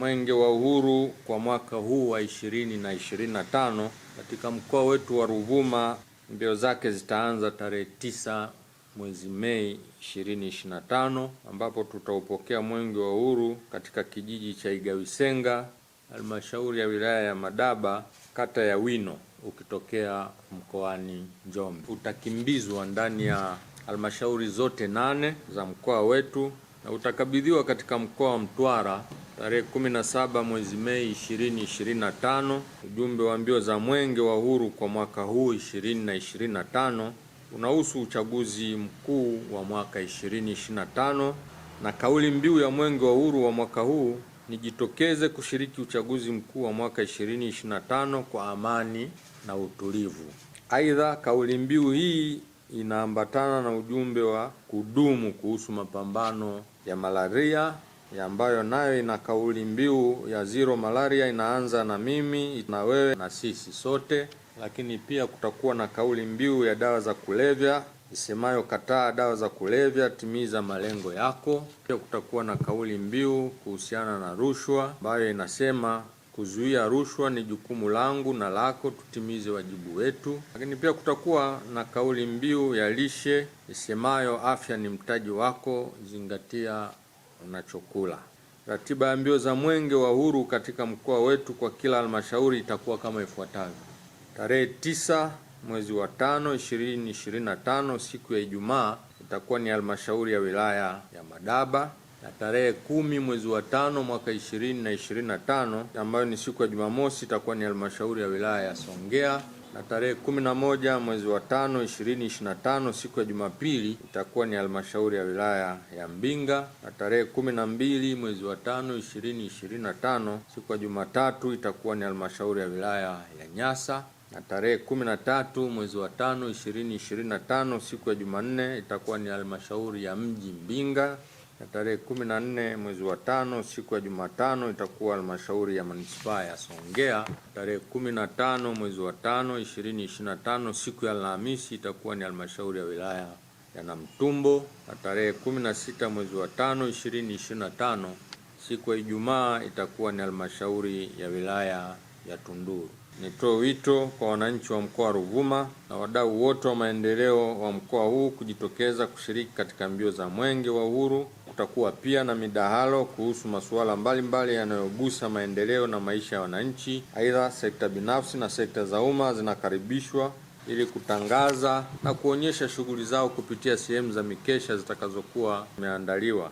Mwenge wa Uhuru kwa mwaka huu wa na tano katika mkoa wetu wa Ruvuma. Mbio zake zitaanza tarehe tisa mwezi Mei 2025 ambapo tutaupokea Mwenge wa Uhuru katika kijiji cha Igawisenga, halmashauri ya wilaya ya Madaba, kata ya Wino, ukitokea mkoani Njombe. Utakimbizwa ndani ya halmashauri zote nane za mkoa wetu na utakabidhiwa katika mkoa wa Mtwara tarehe 17 mwezi Mei 2025. Ujumbe wa mbio za mwenge wa uhuru kwa mwaka huu 2025 unahusu uchaguzi mkuu wa mwaka 2025, na kauli mbiu ya mwenge wa uhuru wa mwaka huu nijitokeze kushiriki uchaguzi mkuu wa mwaka 2025 kwa amani na utulivu. Aidha, kauli mbiu hii inaambatana na ujumbe wa kudumu kuhusu mapambano ya malaria ambayo nayo ina kauli mbiu ya zero malaria, inaanza na mimi na wewe na sisi sote. Lakini pia kutakuwa na kauli mbiu ya dawa za kulevya isemayo kataa dawa za kulevya, timiza malengo yako. Pia kutakuwa na kauli mbiu kuhusiana na rushwa ambayo inasema kuzuia rushwa ni jukumu langu na lako, tutimize wajibu wetu. Lakini pia kutakuwa na kauli mbiu ya lishe isemayo afya ni mtaji wako, zingatia unachokula. Ratiba ya mbio za Mwenge wa Uhuru katika mkoa wetu kwa kila halmashauri itakuwa kama ifuatavyo: tarehe tisa mwezi wa tano ishirini ishirini na tano siku ya Ijumaa itakuwa ni halmashauri ya wilaya ya Madaba, na tarehe kumi mwezi wa tano mwaka ishirini na ishirini na tano ambayo ni siku ya Jumamosi itakuwa ni halmashauri ya wilaya ya Songea na tarehe kumi na moja mwezi wa tano ishirini ishirini na tano siku ya Jumapili itakuwa ni halmashauri ya wilaya ya Mbinga, na tarehe kumi na mbili mwezi wa tano ishirini ishirini na tano siku ya Jumatatu itakuwa ni halmashauri ya wilaya ya Nyasa na tarehe kumi na tatu mwezi wa tano ishirini ishirini na tano siku ya Jumanne itakuwa ni halmashauri ya mji Mbinga na tarehe kumi na nne mwezi wa tano siku ya Jumatano itakuwa halmashauri ya manispaa ya Songea. Tarehe kumi na tano mwezi wa tano ishirini ishirini na tano siku ya Alhamisi itakuwa ni halmashauri ya wilaya ya Namtumbo, na tarehe kumi na sita mwezi wa tano ishirini ishirini na tano siku ya Ijumaa itakuwa ni halmashauri ya wilaya ya Tunduru. Nitoe wito kwa wananchi wa mkoa wa Ruvuma na wadau wote wa maendeleo wa mkoa huu kujitokeza kushiriki katika mbio za Mwenge wa Uhuru kutakuwa pia na midahalo kuhusu masuala mbalimbali yanayogusa maendeleo na maisha ya wananchi. Aidha, sekta binafsi na sekta za umma zinakaribishwa ili kutangaza na kuonyesha shughuli zao kupitia sehemu za mikesha zitakazokuwa zimeandaliwa.